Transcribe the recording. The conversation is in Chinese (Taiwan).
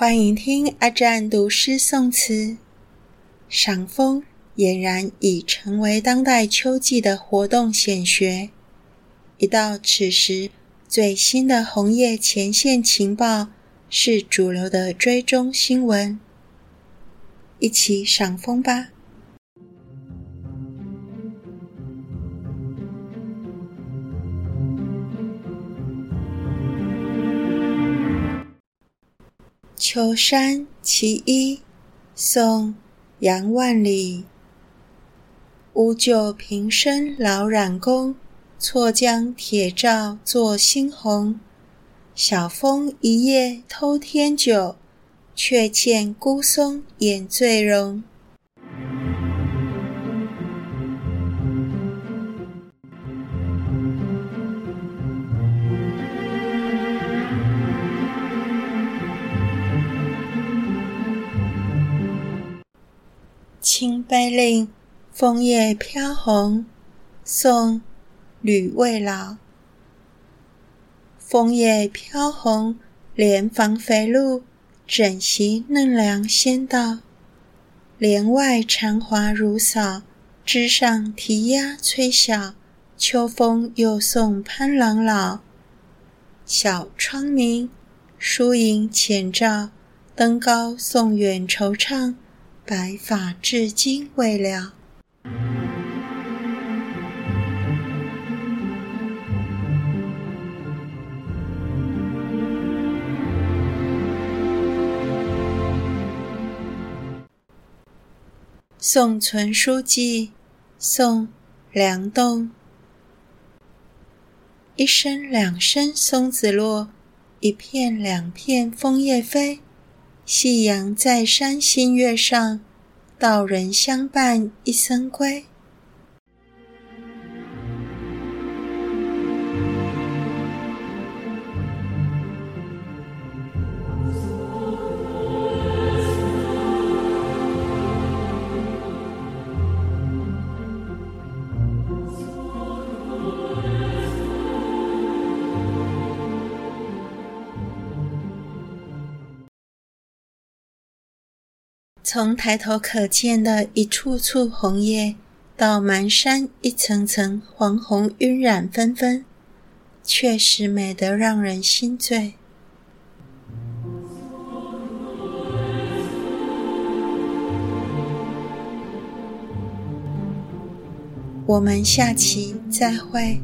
歡迎聽阿占讀詩、誦詞、賞楓，儼然已成為當代秋季的活動顯學。一到此時，最新的紅葉前線情報是主流的追蹤新聞。一起賞楓吧。秋山其一，宋·楊萬里。烏臼平生老染工，錯將鐵皂作猩紅。小楓一夜偷天酒，卻倩孤松掩醉容。清令《傾杯令楓葉飄紅》宋·呂渭老。楓葉飄紅，蓮房肥露，枕席嫩涼先到。簾外蟾華如掃，枝上啼鴉催曉。秋風又送潘郎老。小窗明，疏螢淺照，登高送遠惆悵。白髮至今未了。送存書記，宋梁棟。一聲兩聲松子落，一片兩片楓葉飛。夕陽在山，新月上，道人相伴，一僧歸。從抬頭可見的一簇簇紅葉，到滿山一層層黃紅暈染紛紛，確實美得讓人心醉。我們下期再會。